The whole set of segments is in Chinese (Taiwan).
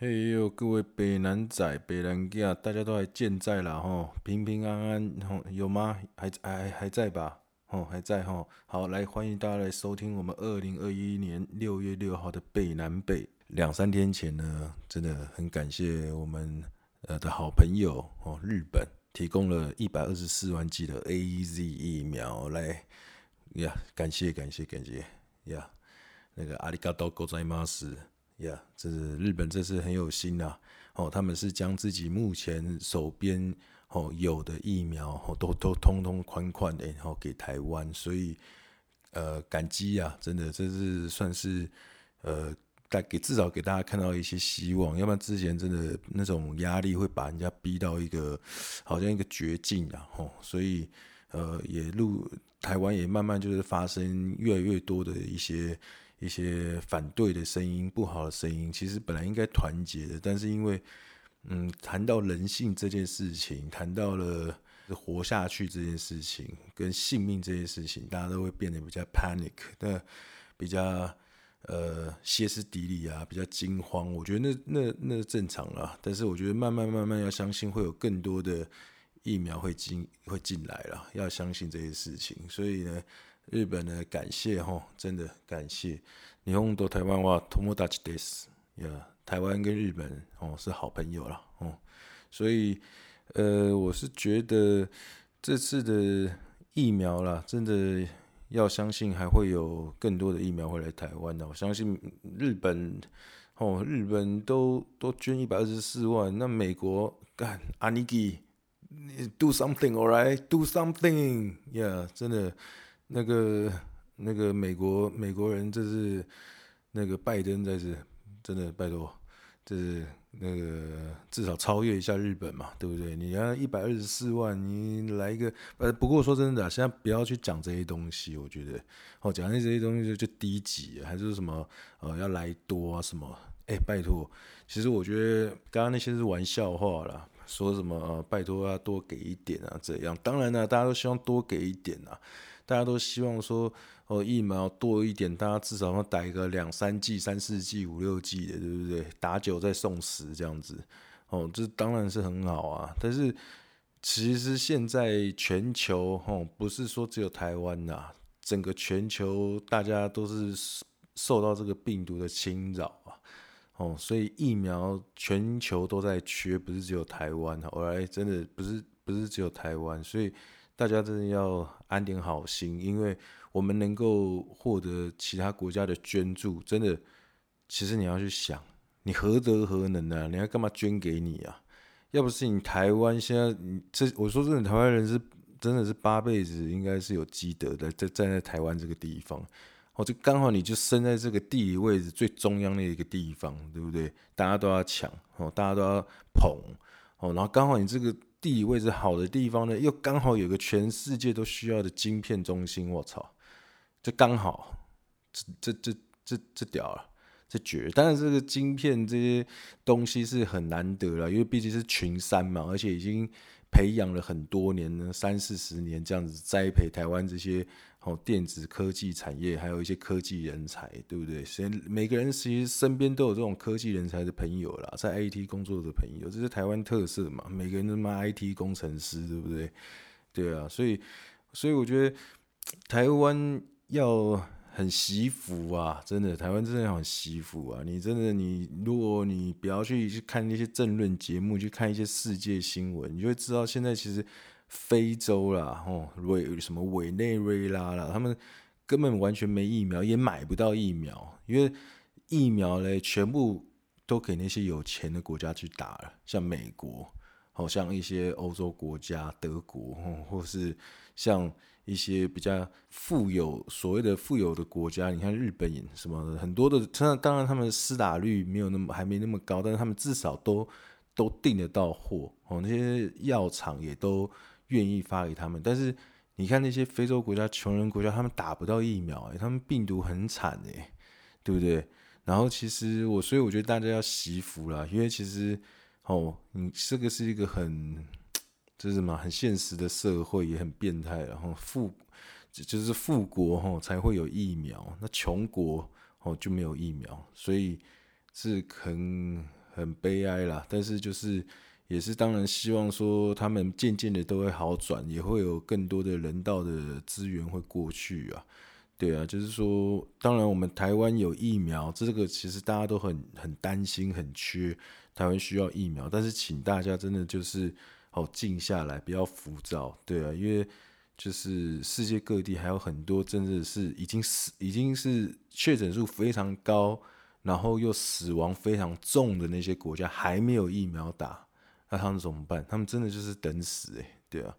嘿呦，hey、yo，各位北南仔、北南囝，大家都還健在啦吼，平平安安吼，有嗎？還、還、還在吧？吼，還在吼。好，來歡迎大家來收聽我們二零二一年六月六號的北南北。兩三天前呢，真的很感謝我們呃的好朋友哦，日本提供了一百二十四萬劑的 AZ 疫苗來呀，yeah，感謝感謝感謝呀，yeah，那個阿里嘎多狗仔馬斯呀，yeah, 這是日本這次很有心吶、啊，哦，他們是將自己目前手邊哦有的疫苗，哦都都通通款款的，然、哦、後給台灣，所以呃感激啊，真的這是算是呃帶給至少給大家看到一些希望，要不然之前真的那種壓力會把人家逼到一個好像一個絕境啊，哦，所以呃也陸台灣也慢慢就是發生越來越多的一些。一些反對的聲音，不好的聲音，其實本來應該團結的，但是因為，嗯，談到人性這件事情，談到了活下去這件事情，跟性命這件事情，大家都會變得比較 panic，那比較呃歇斯底里啊，比較驚慌，我覺得那那那正常啦，但是我覺得慢慢慢慢要相信會有更多的疫苗會進會進來啦，要相信這些事情，所以呢。日本的感謝哈、哦，真的感謝。你用多台灣話，トモダチです。Yeah，台灣跟日本哦是好朋友啦哦，所以呃，我是覺得這次的疫苗啦，真的要相信還會有更多的疫苗會來台灣的。我相信日本哦，日本都都捐一百二十四萬，那美國幹啊，阿尼基，do something，all right，do something，yeah, 真的。那個那個美國美國人，這是那個拜登在這，真的拜托，這是那個至少超越一下日本嘛，對不對？你要一百二十四萬，你來一個，呃，不過說真的，現在不要去講這些東西，我覺得哦，講這些東西就就低級，還是什麼呃，要來多啊什麼？誒，拜托，其實我覺得剛剛那些是玩笑話啦，說什麼，呃，拜托啊，多給一點啊，這樣，當然呢，大家都希望多給一點啊。大家都希望說，哦，疫苗多一點，大家至少要打一個兩三劑、三四劑、五六劑的，對不對？打九再送十這樣子，哦，這當然是很好啊。但是其實現在全球，吼、哦，不是說只有台灣吶、啊，整個全球大家都是受到這個病毒的侵擾啊，哦，所以疫苗全球都在缺，不是只有台灣，哦，哎，真的不是不是只有台灣，所以。大家真的要安點好心，因為我們能夠獲得其他國家的捐助，真的，其實你要去想，你何德何能呢啊？人家幹嘛捐給你啊？要不是你台灣現在，你這，我說真的，台灣人是真的是八輩子應該是有積德的，在站在台灣這個地方，哦，就剛好你就生在這個地理位置最中央的一個地方，對不對？大家都要搶哦，大家都要捧哦，然後剛好你這個。地理位置好的地方呢，又剛好有個全世界都需要的晶片中心，我操，這剛好，這這這這這屌啊，這絕！但是這個晶片這些東西是很難得了，因為畢竟是群山嘛，而且已經培養了很多年呢，三四十年這樣子栽培台灣這些。好，電子科技產業，還有一些科技人才，對不對？所以每個人其實身邊都有這種科技人才的朋友啦，在 IT 工作的朋友，這是台灣特色嘛？每個人都嘛 IT 工程師，對不對？對啊，所以所以我覺得台灣要很惜福啊，真的，台灣真的要很惜福啊！你真的你，你如果你不要去去看那些政論節目，去看一些世界新聞，你就會知道現在其實。非洲啦，哦，委什麼委內瑞拉啦，他們根本完全沒疫苗，也買不到疫苗，因為疫苗嘞，全部都給那些有錢的國家去打了，像美國，好像一些歐洲國家，德國，哦，或是像一些比較富有所謂的富有的國家，你看日本什麼的很多的，那當然他們施打率沒有那麼還沒那麼高，但是他們至少都都訂得到貨，哦，那些藥廠也都。願意發給他們，但是你看那些非洲國家、窮人國家，他們打不到疫苗哎、欸，他們病毒很慘哎、欸，對不對？然後其實我，所以我覺得大家要惜福啦，因為其實哦，你這個是一個很，這、就是什麼？很現實的社會，也很變態。然後富，就是富國哦，才會有疫苗，那窮國哦就沒有疫苗，所以是很很悲哀啦。但是就是。也是當然，希望說他們漸漸的都會好轉，也會有更多的人道的資源會過去啊。對啊，就是說，當然我們台灣有疫苗，這個其實大家都很很擔心、很缺，台灣需要疫苗。但是請大家真的就是好靜下來，不要浮躁。對啊，因為就是世界各地還有很多真的是已經已經是確診數非常高，然後又死亡非常重的那些國家還沒有疫苗打。那、啊、他們怎麼辦？他們真的就是等死誒、欸。對啊，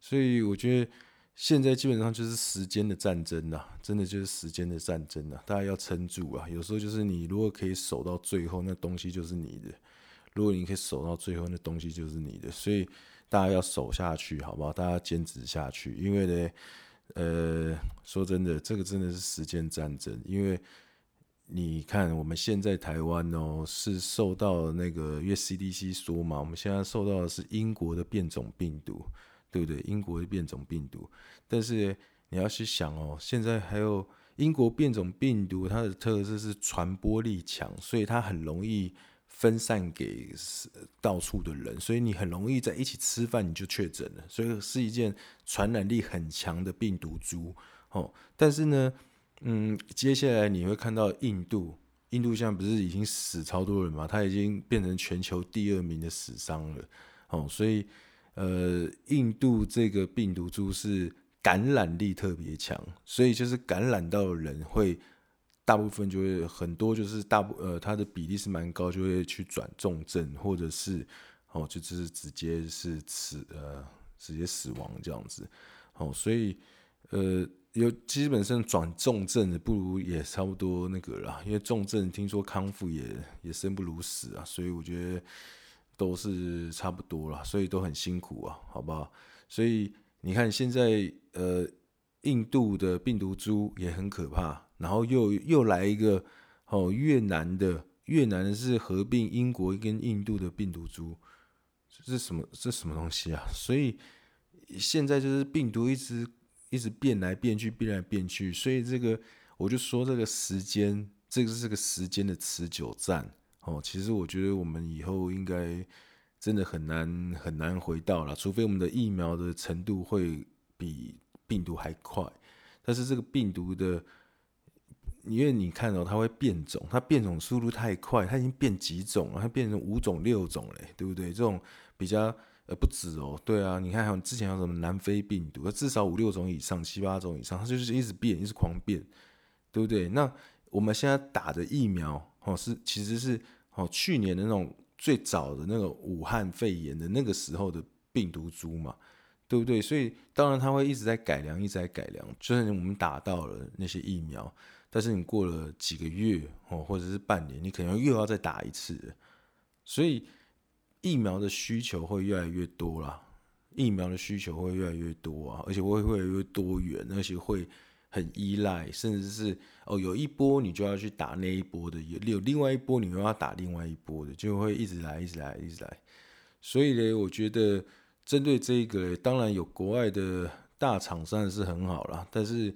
所以我覺得現在基本上就是時間的戰爭吶、啊，真的就是時間的戰爭吶、啊。大家要撐住啊！有時候就是你如果可以守到最後，那東西就是你的；如果你可以守到最後，那東西就是你的。所以大家要守下去，好不好？大家堅持下去，因為呢，呃，說真的，這個真的是時間戰爭，因為。你看，我們現在台灣哦，是受到那個，因為 CDC 說嘛，我們現在受到的是英國的變種病毒，對不對？英國的變種病毒，但是你要去想哦，現在還有英國變種病毒，它的特色是傳播力強，所以它很容易分散給到處的人，所以你很容易在一起吃飯你就確診了，所以是一件傳染力很強的病毒株哦。但是呢，嗯，接下來你會看到印度，印度現在不是已經死超多人嘛？它已經變成全球第二名的死傷了。哦，所以，呃，印度這個病毒株是感染力特別強，所以就是感染到的人會大部分就會很多，就是大部呃它的比例是蠻高，就會去轉重症，或者是哦，就，就是直接是死呃直接死亡這樣子。哦，所以，呃。有基本上轉重症的，不如也差不多那個了，因為重症聽說康復也也生不如死啊，所以我覺得都是差不多啦，所以都很辛苦啊，好不好？所以你看現在呃，印度的病毒株也很可怕，然後又又來一個哦，越南的越南的是合併英國跟印度的病毒株，這是什麼？這什麼東西啊？所以現在就是病毒一直。一直變來變去，變來變去，所以這個我就說這個時間，這個是個時間的持久戰哦。其實我覺得我們以後應該真的很難很難回到了，除非我們的疫苗的程度會比病毒還快。但是這個病毒的，因為你看到，哦，它會變種，它變種速度太快，它已經變幾種了，它變成五種、六種嘞欸，對不對？這種比較。呃不止哦，對啊，你看，還有之前有什麼南非病毒，至少五六種以上，七八種以上，它就是一直變，一直狂變，對不對？那我們現在打的疫苗，哦，是其實是哦，去年的那種最早的那個武漢肺炎的那個時候的病毒株嘛，對不對？所以當然它會一直在改良，一直在改良。就是我們打到了那些疫苗，但是你過了幾個月哦，或者是半年，你可能又要再打一次，所以。疫苗的需求會越來越多啦，疫苗的需求會越來越多啊，而且會會越，越來越多元，而且會很依賴，甚至是哦，有一波你就要去打那一波的，有另外一波你又要打另外一波的，就會一直來，一直來，一直來。所以呢，我覺得針對這個，當然有國外的大廠商是很好啦，但是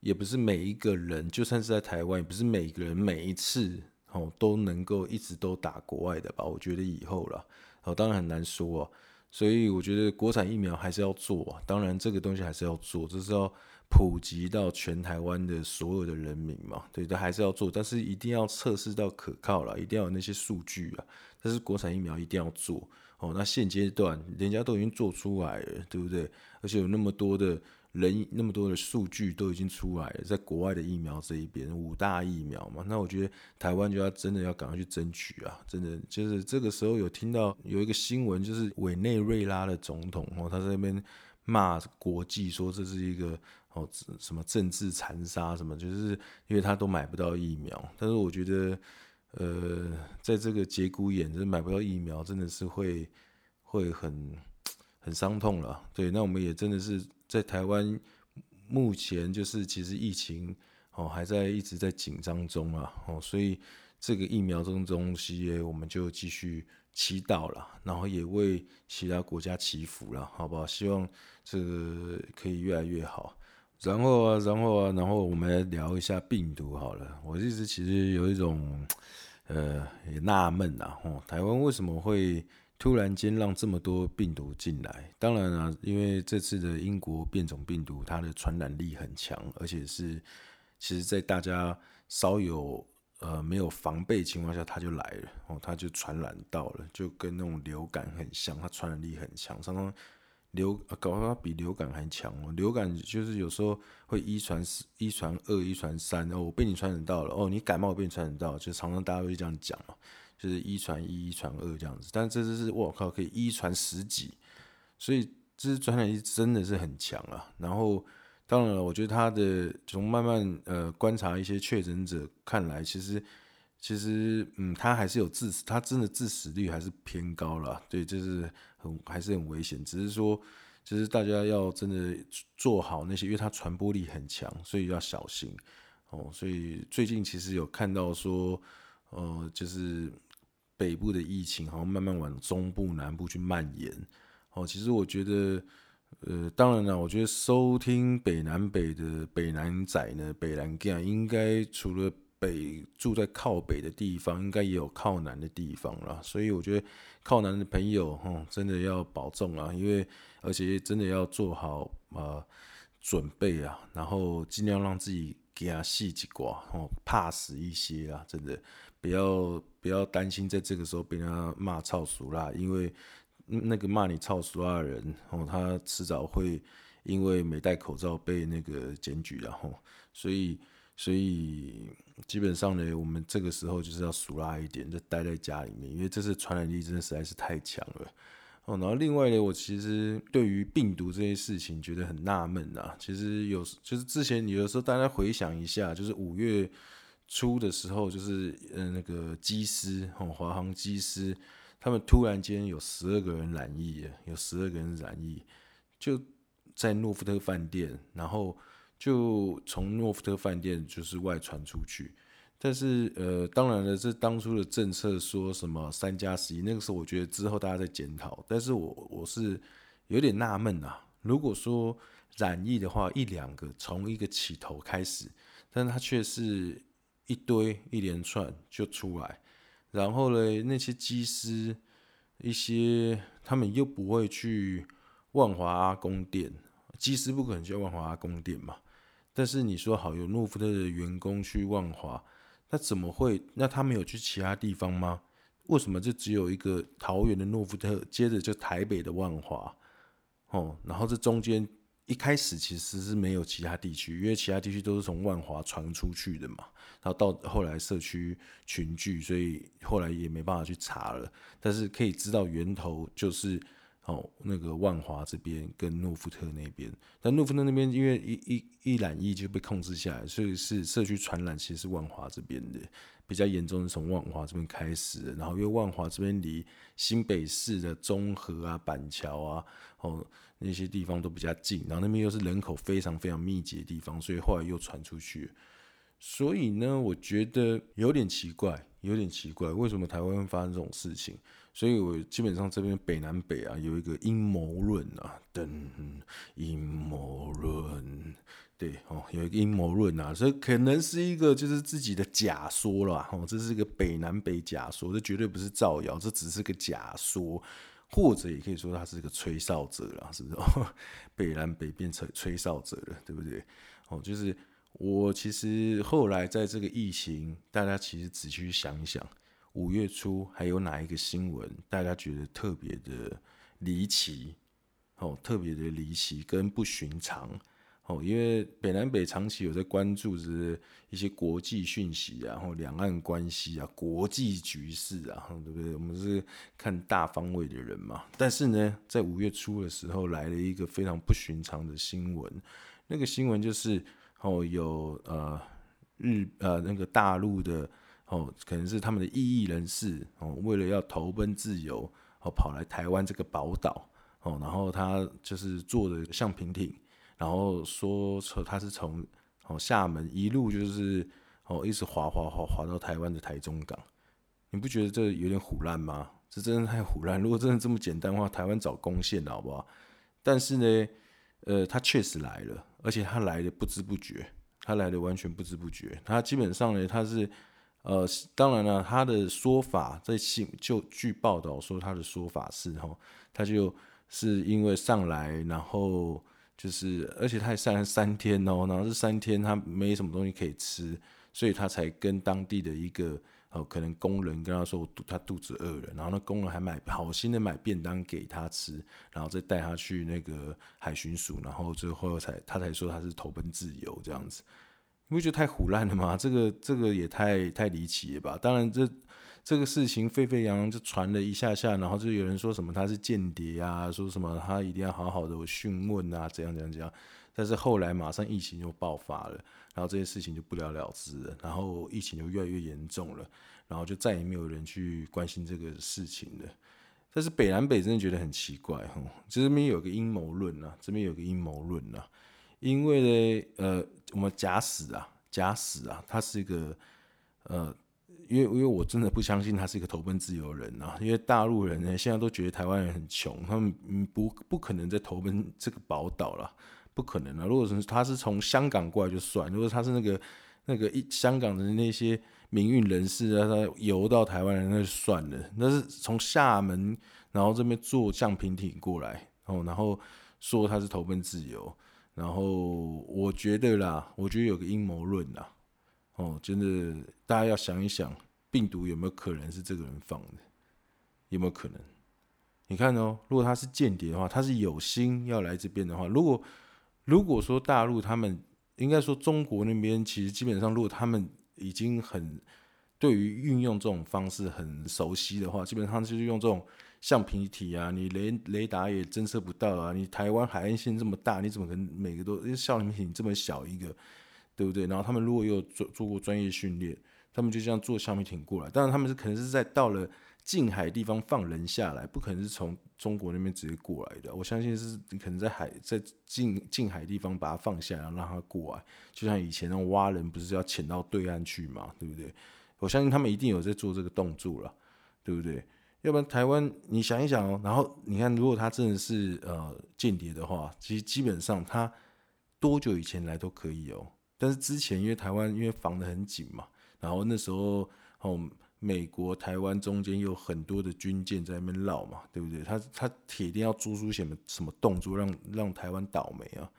也不是每一個人，就算是在台灣，也不是每一個人每一次。哦，都能夠一直都打國外的吧？我覺得以後啦，哦，當然很難說啊。所以我覺得國產疫苗還是要做啊。當然這個東西還是要做，就是要普及到全台灣的所有的人民嘛。對，但還是要做，但是一定要測試到可靠啦，一定要有那些數據啊。但是國產疫苗一定要做哦。那現階段人家都已經做出來了，對不對？而且有那麼多的。人那麼多的數據都已經出來了，在國外的疫苗這一邊，五大疫苗嘛，那我覺得台灣就要真的要趕快去爭取啊！真的，就是這個時候有聽到有一個新聞，就是委內瑞拉的總統哦，他在那邊罵國際，說這是一個哦什麼政治殘殺，什麼就是因為他都買不到疫苗。但是我覺得，呃，在這個節骨眼，這買不到疫苗真的是會會很很傷痛了。對，那我們也真的是。在台灣，目前就是其實疫情哦還在一直在緊張中啊哦，所以這個疫苗這種東西我們就繼續祈禱了，然後也為其他國家祈福了，好不好？希望這個可以越來越好。然後啊，然後啊，然後我們來聊一下病毒好了。我一直其實有一種呃也納悶啊，哦，台灣為什麼會？突然間讓這麼多病毒進來，當然啦、啊，因為這次的英國變種病毒，它的傳染力很強，而且是其實，在大家稍有呃沒有防備的情況下，它就來了，哦，它就傳染到了，就跟那種流感很像，它傳染力很強，常常流、啊、搞它比流感還強哦。流感就是有時候會一傳一傳二，一傳三，哦，我被你傳染到了，哦，你感冒被你傳染到，就常常大家會這樣講嘛、哦。就是一傳一，一傳二這樣子，但這只是我靠，可以一傳十幾，所以這是傳染力真的是很強啊。然後，當然了，我覺得他的從慢慢呃觀察一些確診者看來，其實其實嗯，他還是有致死，他真的致死率還是偏高了，對，這、就是很還是很危險。只是說，就是大家要真的做好那些，因為它傳播力很強，所以要小心哦。所以最近其實有看到說，呃，就是北部的疫情好像慢慢往中部、南部去蔓延。哦、呃，其實我覺得，呃，當然了，我覺得收聽北南北的北南仔呢，北南 Gay 應該除了北住在靠北的地方，應該也有靠南的地方啦。所以我覺得靠南的朋友，哦、呃，真的要保重啊！因為而且真的要做好啊、呃、準備啊，然後盡量讓自己給他細幾寡哦，怕死一些、呃、Pass 一些啊，真的。不要不要擔心，在這個時候被人家罵臭俗辣，因為那個罵你臭俗辣的人，哦，他遲早會因為沒戴口罩被那個檢舉啊，然後，哦，所以所以基本上呢，我們這個時候就是要俗辣一點，就待在家裡面，因為這次傳染力真的實在是太強了，哦，然後另外呢，我其實對於病毒這些事情覺得很納悶啊，其實有就是之前有時候大家回想一下，就是五月。出的時候就是呃那個機師哦，嗯，華航機師，他們突然間有十二個人染疫，有十二個人染疫，就在諾富特飯店，然後就從諾富特飯店就是外傳出去。但是呃，當然了，這當初的政策說什麼三加十一，11，那個時候我覺得之後大家在檢討，但是我我是有點納悶啊。如果說染疫的話，一兩個從一個起頭開始，但他卻是。一堆一連串就出來，然後呢，那些機師，一些他們又不會去萬華阿公店，機師不可能去萬華阿公店嘛。但是你說好有諾富特的員工去萬華，那怎麼會？那他們有去其他地方嗎？為什麼就只有一個桃園的諾富特，接着就台北的萬華？哦，然後這中間。一開始其實是沒有其他地區，因為其他地區都是從萬華傳出去的嘛，然後到後來社區群聚，所以後來也沒辦法去查了。但是可以知道源頭就是哦，那個萬華這邊跟諾富特那邊，但諾富特那邊因為一一一染疫就被控制下來，所以是社區傳染，其實是萬華這邊的。比較嚴重是從萬華這邊開始的，然後因為萬華這邊離新北市的中和啊、板橋啊、哦那些地方都比較近，然後那邊又是人口非常非常密集的地方，所以後來又傳出去。所以呢，我覺得有點奇怪，有點奇怪，為什麼台灣會發生這種事情？所以我基本上這邊北南北啊，有一個陰謀論啊，等陰謀論。對哦，有一個陰謀論啊，這可能是一個就是自己的假說啦。哦，這是一個北南北假說，這絕對不是造謠，這只是個假說，或者也可以說他是一個吹哨者啦，是不是？ 北南北變成吹哨者了，對不對？哦，就是我其實後來在這個疫情，大家其實仔細想一想，五月初還有哪一個新聞，大家覺得特別的離奇？哦，特別的離奇跟不尋常。哦，因為北南北長期有在關注，是一些國際訊息，啊，或兩岸關係啊，國際局勢啊，對不對？我們是看大方位的人嘛。但是呢，在五月初的時候，來了一個非常不尋常的新聞。那個新聞就是，哦，有呃日呃那個大陸的哦，可能是他們的異議人士哦，為了要投奔自由，哦，跑來台灣這個寶島哦，然後他就是坐的橡皮艇。然後說他是從哦廈門一路就是哦一直滑滑滑滑，到台灣的台中港，你不覺得這有點唬爛嗎？這真的太唬爛。如果真的這麼簡單的話，台灣早攻陷了，好不好？但是呢，呃，他確實來了，而且他來的不知不覺，他來的完全不知不覺。他基本上呢，他是呃，當然了，他的說法在信就據報道說他的說法是哦，他就是因為上來然後。就是，而且他還上了三天哦，然後這三天他沒什麼東西可以吃，所以他才跟當地的一個哦、呃，可能工人跟他說，他肚子餓了，然後那工人還買好心的買便當給他吃，然後再帶他去那個海巡署，然後最後才他才說他是投奔自由這樣子，你不覺得太唬爛了嗎？這個這個也太太離奇了吧？當然這。這個事情沸沸揚揚，就傳了一下下，然後就有人說什麼他是間諜啊，說什麼他一定要好好的詢問啊，怎樣怎樣怎樣。但是後來馬上疫情就爆發了，然後這些事情就不了了之了，然後疫情就越來越嚴重了，然後就再也沒有人去關心這個事情了。但是北南北真的覺得很奇怪，吼、嗯，這邊有一個陰謀論啊，這邊有一個陰謀論啊，因為呢，呃，我們假死啊，假死啊，他是一個，呃。因為因為我真的不相信他是一個投奔自由人啊，因為大陸人呢現在都覺得台灣人很窮，他們不不可能再投奔這個寶島了，不可能啊！如果是他是從香港過來就算，如果他是那個那個一香港的那些民運人士啊，他游到台灣人那就算了，那是從廈門然後這邊坐橡皮艇過來，哦，然後說他是投奔自由，然後我覺得啦，我覺得有個陰謀論啦。哦，真的，大家要想一想，病毒有沒有可能是這個人放的？有沒有可能？你看哦，如果他是間諜的話，他是有心要來這邊的話，如果如果說大陸他們，應該說中國那邊，其實基本上如果他們已經很對於運用這種方式很熟悉的話，基本上就是用這種橡皮艇啊，你雷雷達也偵測不到啊，你台灣海岸線這麼大，你怎麼可能每個都？欸、橡皮艇這麼小一個。對不對？然後他們如果有做做過專業訓練，他們就這樣坐橡皮艇過來。當然，他們是可能是在到了近海地方放人下來，不可能是從中國那邊直接過來的。我相信是可能在海在近近海地方把他放下來，然後讓他過來。就像以前那種蛙人，不是要潛到對岸去嘛，對不對？我相信他們一定有在做這個動作了，對不對？要不然台灣，你想一想哦，然後你看，如果他真的是呃間諜的話，其實基本上他多久以前來都可以哦。但是之前因為台灣因為防得很緊嘛，然後那時候哦、嗯，美國台灣中間有很多的軍艦在那邊繞嘛，對不對？他他鐵定要做出什麼什麼動作讓，讓讓台灣倒霉啊，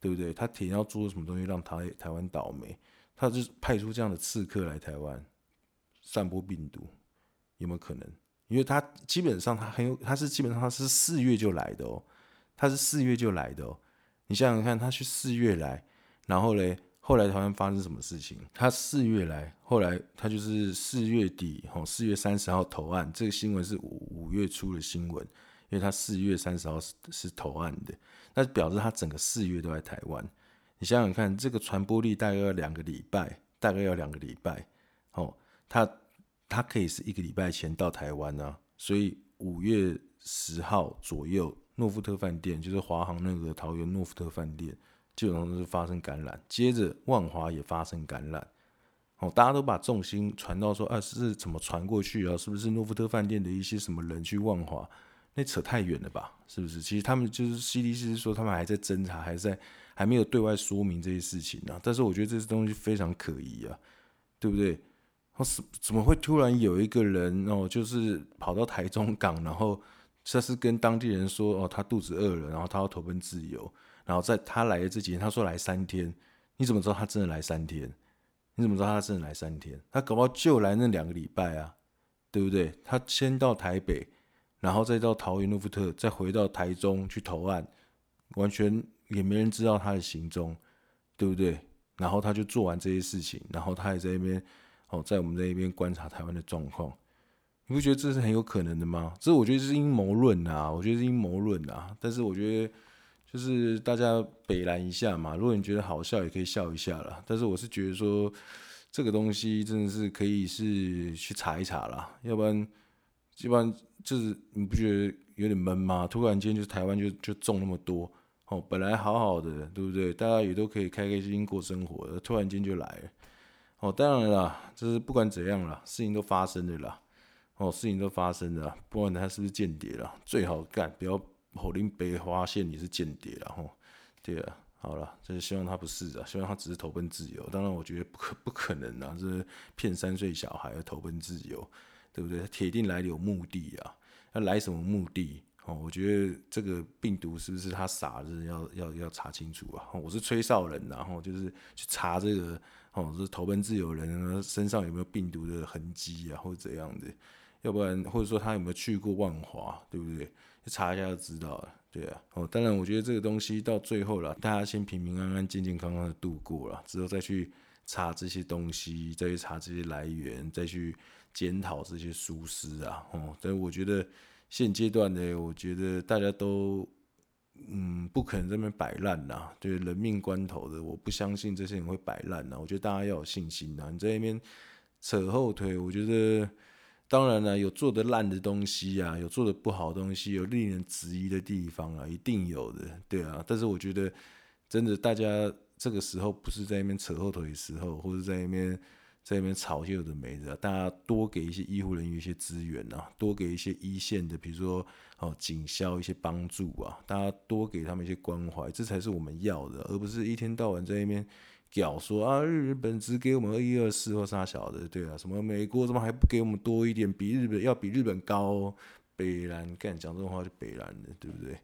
對不對？他鐵定要做什麼東西讓台台灣倒霉，他就派出這樣的刺客來台灣，散播病毒，有沒有可能？因為他基本上他很有他是基本上他是四月就來的哦、喔，他是四月就來的哦、喔，你想想看，他去四月來。然後嘞，後來台灣發生什麼事情？他四月來，後來他就是四月底，哦，四月三十號投案。這個新聞是五，五月初的新聞，因為他四月三十號是，是投案的，那表示他整個四月都在台灣。你想想看，這個傳播力大概要兩個禮拜，大概要兩個禮拜。哦，他他可以是一個禮拜前到台灣呢，啊，所以五月十號左右，諾富特飯店就是華航那個桃園諾富特飯店。基本上就是發生感染，接着萬華也發生感染，哦，大家都把重心傳到說，啊，是怎麼傳過去啊？是不是諾富特飯店的一些什麼人去萬華？那扯太遠了吧？是不是？其實他們就是 CDC 說，他們還在偵查，還在還沒有對外說明這些事情啊。但是我覺得這些東西非常可疑啊，對不對？哦、啊，是怎麼會突然有一個人哦，就是跑到台中港，然後這是跟當地人說，哦，他肚子餓了，然後他要投奔自由。然後在他來的這幾天，他說來三天，你怎麼知道他真的來三天？你怎麼知道他真的來三天？他搞不好就來那兩個禮拜啊，對不對？他先到台北，然後再到桃園諾富特，再回到台中去投案，完全也沒人知道他的行蹤，對不對？然後他就做完這些事情，然後他也在那邊哦，在我們在那邊觀察台灣的狀況，你不覺得這是很有可能的嗎？這我覺得是陰謀論啊，我覺得是陰謀論啊，但是我覺得。就是大家北覽一下嘛，如果你覺得好笑，也可以笑一下啦。但是我是覺得說，這個東西真的是可以是去查一查啦，要不然，基本上就是你不覺得有點悶嗎？突然間就是台灣就就中那麼多哦，本來好好的，對不對？大家也都可以開開心心過生活的，突然間就來了哦。當然啦，就是不管怎樣啦，事情都發生的啦，哦，事情都發生的，不管他是不是間諜了，最好干不要。林北吼令被發現你是間諜，然後對啊，好了，就是希望他不是啊，希望他只是投奔自由。當然，我覺得不可不可能啊，這、就是、騙三歲小孩要投奔自由，對不對？鐵定來的有目的啊，那來什麼目的？哦，我覺得這個病毒是不是他傻的，子要要要、要查清楚啊。我是吹哨人，然後就是去查這個哦，就是投奔自由人身上有沒有病毒的痕跡啊，或者怎樣子，要不然，或者說他有沒有去過萬華，對不對？去查一下就知道了，對啊，哦，當然，我覺得這個東西到最後了，大家先平平安安安、健健康康的度過了，之後再去查這些東西，再去查這些來源，再去檢討這些疏失啊，哦，但我覺得現階段呢，我覺得大家都，嗯，不可能這邊擺爛吶，就是人命關頭的，我不相信這些人會擺爛吶，我覺得大家要有信心吶，你在那邊扯後腿，我覺得。當然了，有做的爛的東西啊，有做的不好的東西，有令人質疑的地方啊，一定有的，對啊。但是我覺得，真的大家這個時候不是在那邊扯後腿的時候，或者在那邊在那邊嘲笑有的沒的、啊，大家多給一些醫護人員一些資源啊，多給一些一線的，比如說哦警消一些幫助啊，大家多給他們一些關懷，這才是我們要的、啊，而不是一天到晚在那邊。屌說啊，日本只給我們一二四或啥小的？對啊，什麼美國怎麼還不給我們多一點？比日本要比日本高，哦，北蘭幹講這種話就北蘭的，對不對？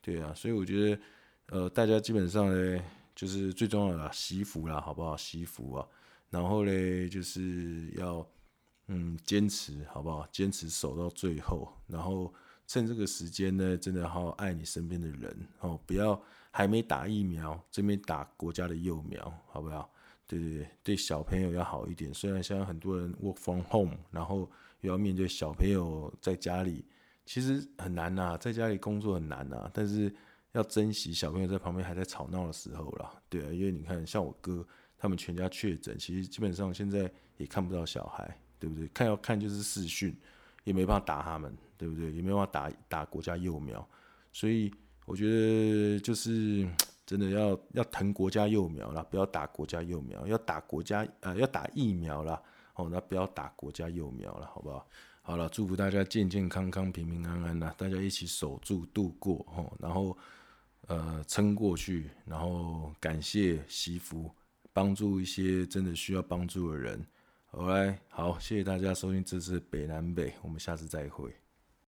對啊，所以我覺得，呃，大家基本上嘞，就是最重要的惜福啦，好不好？惜福啊，然後嘞，就是要嗯堅持，好不好？堅持守到最後，然後趁這個時間呢，真的好好愛你身邊的人哦，不要。還沒打疫苗，這邊打國家的幼苗，好不好？對對對，對小朋友要好一點。雖然現在很多人 work from home，然後又要面對小朋友在家裡，其實很難吶，在家裡工作很難吶。但是要珍惜小朋友在旁邊還在吵鬧的時候啦。對啊，因為你看，像我哥他們全家確診，其實基本上現在也看不到小孩，對不對？看要看就是視訊，也沒辦法打他們，對不對？也沒辦法打打國家幼苗，所以。我覺得就是真的要要疼國家幼苗了，不要打國家幼苗，要打國家啊、呃，要打疫苗了哦，那不要打國家幼苗了，好不好？好了，祝福大家健健康康、平平安安吶，大家一起守住度過哦，然後呃撐過去，然後感謝惜福，幫助一些真的需要幫助的人。好，拜，好，謝謝大家收聽這次的北南北，我們下次再會。